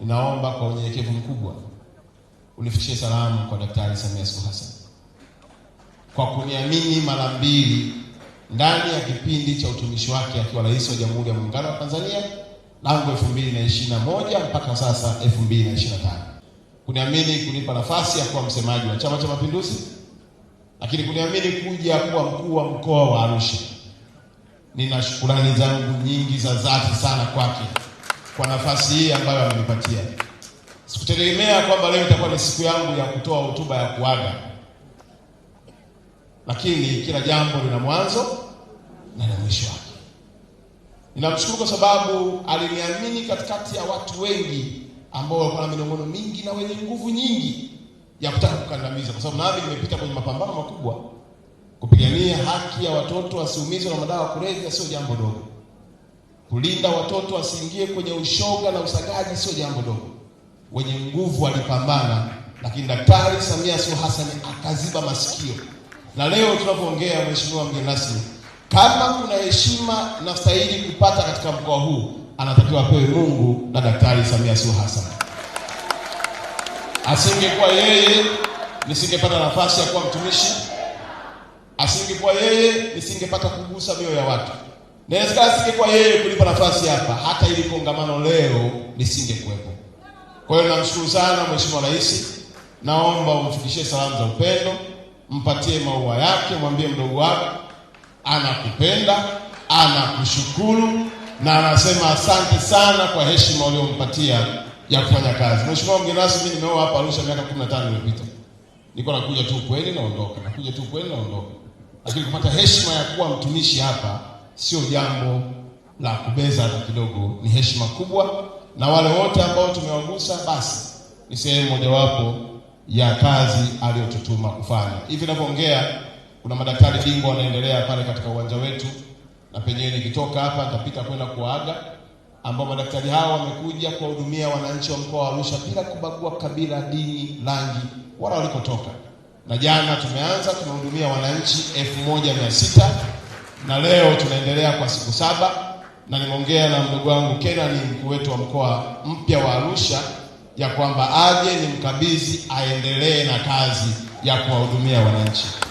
ninaomba kwa unyenyekevu mkubwa unifikishie salamu kwa Daktari Samia Suluhu Hassan kwa kuniamini mara mbili ndani ya kipindi cha utumishi wake akiwa rais wa Jamhuri ya Muungano wa Tanzania tangu 2021 mpaka sasa 2025, kuniamini kunipa nafasi ya kuwa msemaji wa Chama cha Mapinduzi, lakini kuniamini kuja kuwa mkuu wa mkoa wa Arusha. Nina shukurani zangu nyingi za dhati sana kwake kwa nafasi hii ambayo amenipatia. Sikutegemea kwamba leo itakuwa ni siku yangu ya kutoa hotuba ya kuaga, lakini kila jambo lina mwanzo na lina mwisho wake. Ninamshukuru kwa sababu aliniamini katikati ya watu wengi ambao walikuwa na minong'ono mingi na wenye nguvu nyingi ya kutaka kukandamiza, kwa sababu nami nimepita kwenye mapambano makubwa kupigania haki ya watoto wasiumizwe na madawa ya kulevya. Sio jambo dogo. Kulinda watoto wasiingie kwenye ushoga na usagaji sio jambo dogo. Wenye nguvu walipambana, lakini Daktari Samia Suluhu Hassan akaziba masikio, na leo tunapoongea, mheshimiwa mgeni rasmi, kama kuna heshima na stahili kupata katika mkoa huu, anatakiwa apewe Mungu na Daktari Samia Suluhu Hassan. Asingekuwa yeye nisingepata nafasi ya kuwa mtumishi, asingekuwa yeye nisingepata kugusa mioyo ya watu. Inawezekana singekuwa yeye kulipa nafasi hapa, hata ili kongamano leo lisingekuwepo. Kwa hiyo namshukuru sana Mheshimiwa Rais, naomba umfikishie salamu za upendo, mpatie maua yake, mwambie mdogo wako anakupenda, anakushukuru na anasema asante sana kwa heshima uliyompatia ya kufanya kazi. Mheshimiwa mgeni rasmi, nimeoa hapa Arusha miaka 15 iliyopita. Niko nakuja tu kweli naondoka, nakuja tu kweli naondoka, lakini kupata heshima ya kuwa mtumishi hapa sio jambo la kubeza hata kidogo, ni heshima kubwa, na wale wote ambao tumewagusa basi ni sehemu mojawapo ya kazi aliyotutuma kufanya. Hivi ninavyoongea kuna madaktari bingwa wanaendelea pale katika uwanja wetu, na pengine nikitoka hapa nitapita kwenda kuwaaga, ambao madaktari hao wamekuja kuwahudumia wananchi wa mkoa wa Arusha bila kubagua kabila, dini, rangi wala walikotoka. Na jana tumeanza, tumehudumia wananchi elfu moja mia sita na leo tunaendelea kwa siku saba, na nimeongea na mdogo wangu Kenani, mkuu wetu wa mkoa mpya wa Arusha, ya kwamba aje ni mkabidhi aendelee na kazi ya kuwahudumia wananchi.